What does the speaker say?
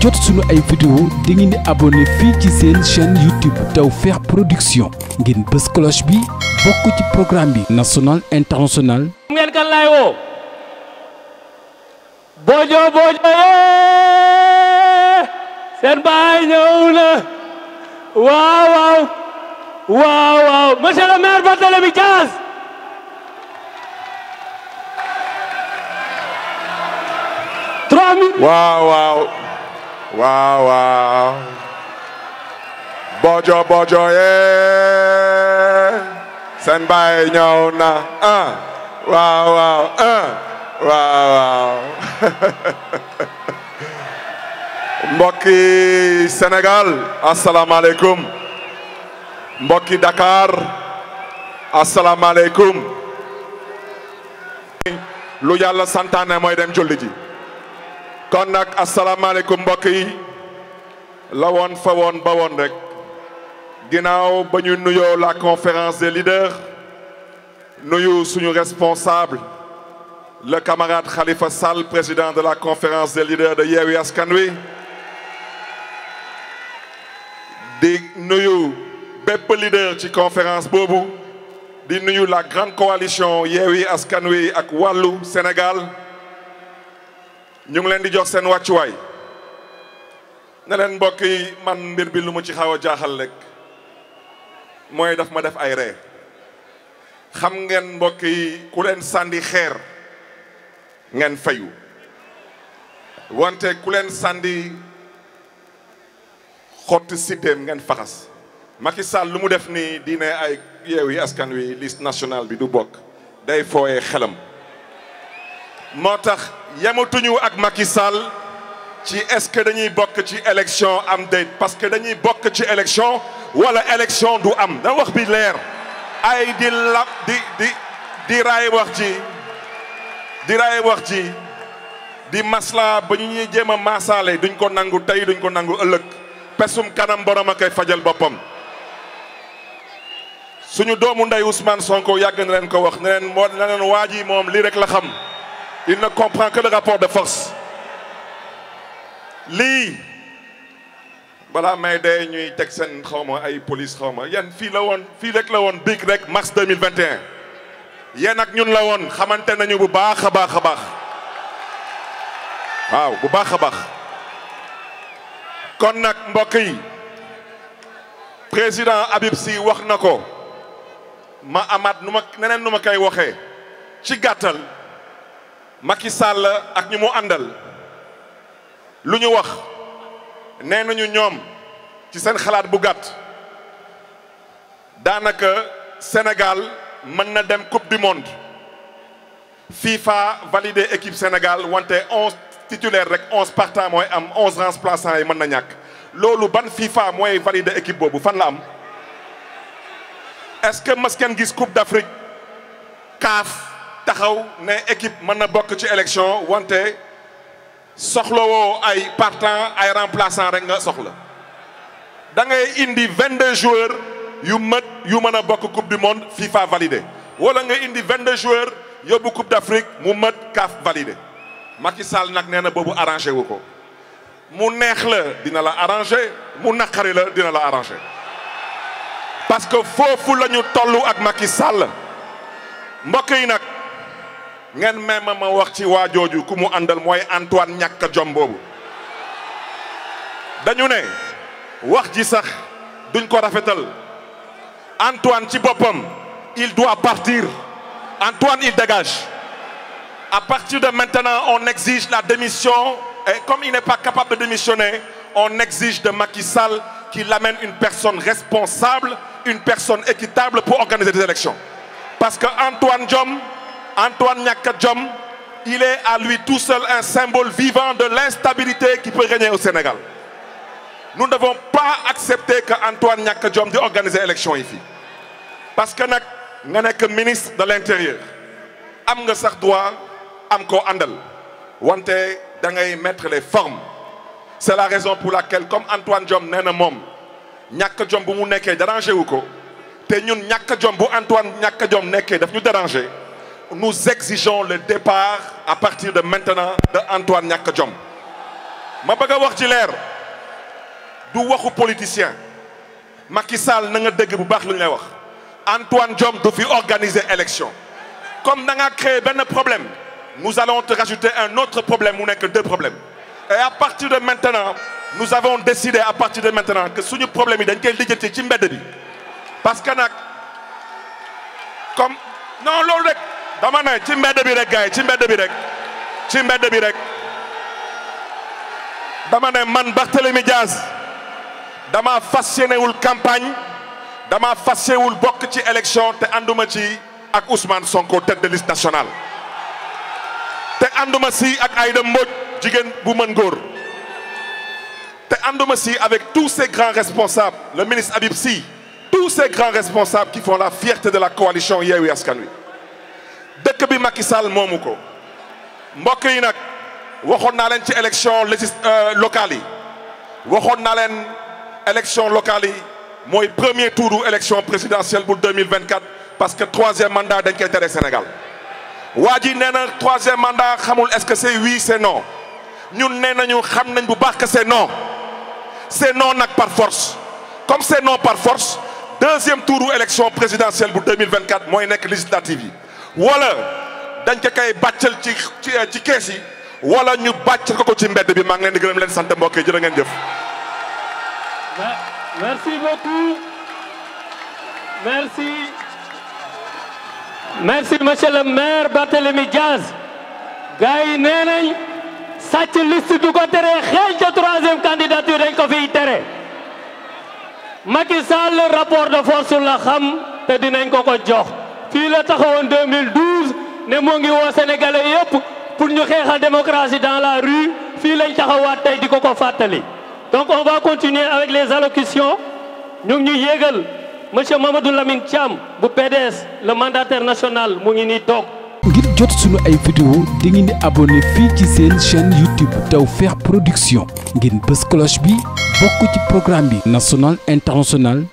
jot suñu ay vidéo da ngeen di fii ci seen chaîne YouTube Tawfekh Production ngeen bës cloche bi bokk ci programme bi national international ngeen kan laay woo bojo bojo eh! seen baay ñëw na waaw waaw waaw waaw maire Barthélémy Dias waaw waaw waaw waaw bojo bojo yee seen baay ñëw na ah uh. waaw waaw uh. waaw waaw mbokki Sénégal asalaamaaleykum mbokki Dakar asalaamaaleykum lu yàlla santaane mooy dem julli ji kon nag asalaamaaleykum mbokk yi la woon fa woon ba woon rek ginnaaw ba ñu nuyoo la conférence des leaders nuyu suñu responsable la camarade xalifa Sall président de la conférence des leaders de Yewwi Askan Wi di nuyu bépp leader ci conférence boobu di nuyu la grande coalition Yewwi Askan Wi ak wàllu Sénégal ñu ngi leen di jox seen wàccuwaay ne leen mbokk yi man mbir bi lu mu ci xaw a jaaxal rek mooy daf ma def ay ree xam ngeen mbokk yi ku leen sànni xeer ngeen fayu wante ku leen sànni xotti sitéem ngeen faxas Macky Sall lu mu def nii diine ay yeew askan wi liste nationale bi du bokk day fooye xelam moo tax yamatuñu ak Macky Sall ci est-ce que dañuy bokk ci élection am déet parce que dañuy bokk ci élection wala élection du am dama wax bi leer ay di la di di di raay wax ci di raay wax ci di masla ba ñu ñuy jéem a maasaale duñ ko nangu tey duñ ko nangu ëllëg pesum kanam borom a fajal boppam suñu doomu ndey Ousmane Sonko yàgg na leen ko wax ne leen moo na leen waa ji moom lii rek la xam il ne comprend que le rapport de force lii balaa may dee ñuy teg seen xawma ay police xawma yan fii la woon fii rek la woon biig rek mars 2021 yéen ak ñun la woon xamante nañu bu baax a baax a baax waaw bu baax a baax kon nag mbokk yi président Habib si wax na ko ma amaat nu ma neneen nu ma koy waxee ci gàttal Macky Sall ak ñu mu àndal lu ñu wax nee nañu ñoom ci seen xalaat bu gàtt daanaka Sénégal mën na dem coupe du monde FIFA validé équipe Sénégal wante onze rek onze partants mooy am onze remplaçants yi mën na ñàkk loolu ban FIFA mooy validé équipe boobu fan la am est-ce que mas ngeen gis coupe d'Afrique CAF taxaw ne équipe mën na bokk ci élection wante soxlawoo ay partant ay remplaçant rek nga soxla da ngay indi vingt deux joueurs yu mët yu mën a bokk coupe du monde FIFA validé wala nga indi vingt deux joueurs yóbbu coupe d' mu mët CAF validé Macky Sall nag nee na boobu arrangé wu ko mu neex la dina la arrangé mu naqari la dina la arrangé parce que foofu la ñu toll ak Macky Sall mbokk yi nag. ngeen may ma ma wax ci waa jooju ku mu àndal mooy Antoine ñàkk jom boobu dañu ne wax ji sax duñ ko rafetal Antoine ci boppam il doit partir Antoine il dégage à partir de maintenant on exige la démission et comme il n'est pas capable de démissionner on exige de Macky Sall qu'il amène une personne responsable une personne équitable pour organiser des élections parce que Antoine Diome Antoine Nyakadjom, il est à lui tout seul un symbole vivant de l'instabilité qui peut régner au Sénégal. Nous ne devons pas accepter qu'Antoine Nyakadjom organise l'élection ici. Parce que nous sommes que ministre de l'Intérieur. am nga sax droit am ko àndal wante da ngay mettre les formes c'est la raison pour laquelle comme Antoine Diome nee na moom ñàkk jom bu mu nekkee dérangé wu ko te ñun ñàkk jom bu Antoine ñàkk jom nekkee daf ñu dérangé nous exigeons le départ à partir de maintenant de Antoine ñàkk jom ma bëgg a wax ci leer du waxu politicien ma Sall na nga dégg bu baax lu ñu lay wax Antoine Diome du fi organiser élection comme da nga créé benn problème nous allons te rajouter un autre problème mu nekk deux problèmes et à partir de maintenant nous avons décidé à partir de maintenant que suñu problème i dañ koy lijjanti ci mbedd bi parce nag comme non loolu rek dama ne ci mbedd bi rek gars ci mbedd bi rek ci mbedd bi rek dama ne man Barthélémy Dias dama fas yéenewul campagne dama fas yéenewul bokk ci élection te ànduma ci ak Ousmane Sonko tête de liste nationale te ànduma si ak Aïda Mbodj jigéen bu mën góor te ànduma si avec tous ces grands responsables le ministre Habib Sy tous ces grands responsables qui font la fierté de la coalition Yewwi Askan Wi dëkk bi Macky Sall moomu ko mbokk yi nag waxoon naa leen ci élection légis euh, locale yi waxoon naa leen élection locale yi mooy premier tour élection présidentielle bu 2024 parce que troisième mandat dañ koy tere Sénégal waa ji nee na troisième mandat xamul est-ce que c'est oui c'est non ñun nee nañu xam nañ bu baax que c'est non c'est non nag par force comme c'est non par force deuxième tour élection présidentielle bu 2024 mooy nekk législative yi wala dañ ko koy bàccal ci ci kees yi wala ñu bàccal ko ko ci mbedd bi maa ngi leen di gërëm leen sant mbokk yi jërë ngeen jëf. merci beaucoup merci. merci le maire Barthélémy Diaz. gars nee nañ sàcc liste du ko teree xeeñ ca troisième candidature dañ ko fiy tere. Macky Sall rapport de force la xam te dinañ ko ko jox. fii la taxawoon ne moo ngi woo sénégalais yëpp pour ñu xeexal démocratie dans la rue fii lañ taxawaat tey di ko ko fàttali. donc on va continuer avec les allocutions ñu ngi ñu yéegal monsieur Mamadou Lamine Thiam bu PDS le mandataire national mu ngi nii toog. ngir jot sunu ay vidéo di ngeen di abonné fii ci seen chaîne YouTube Tawfekh Production ngir bës cloche bi bokk ci programme bi national international.